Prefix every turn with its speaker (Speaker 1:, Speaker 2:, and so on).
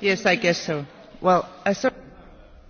Speaker 1: Yes, I guess so.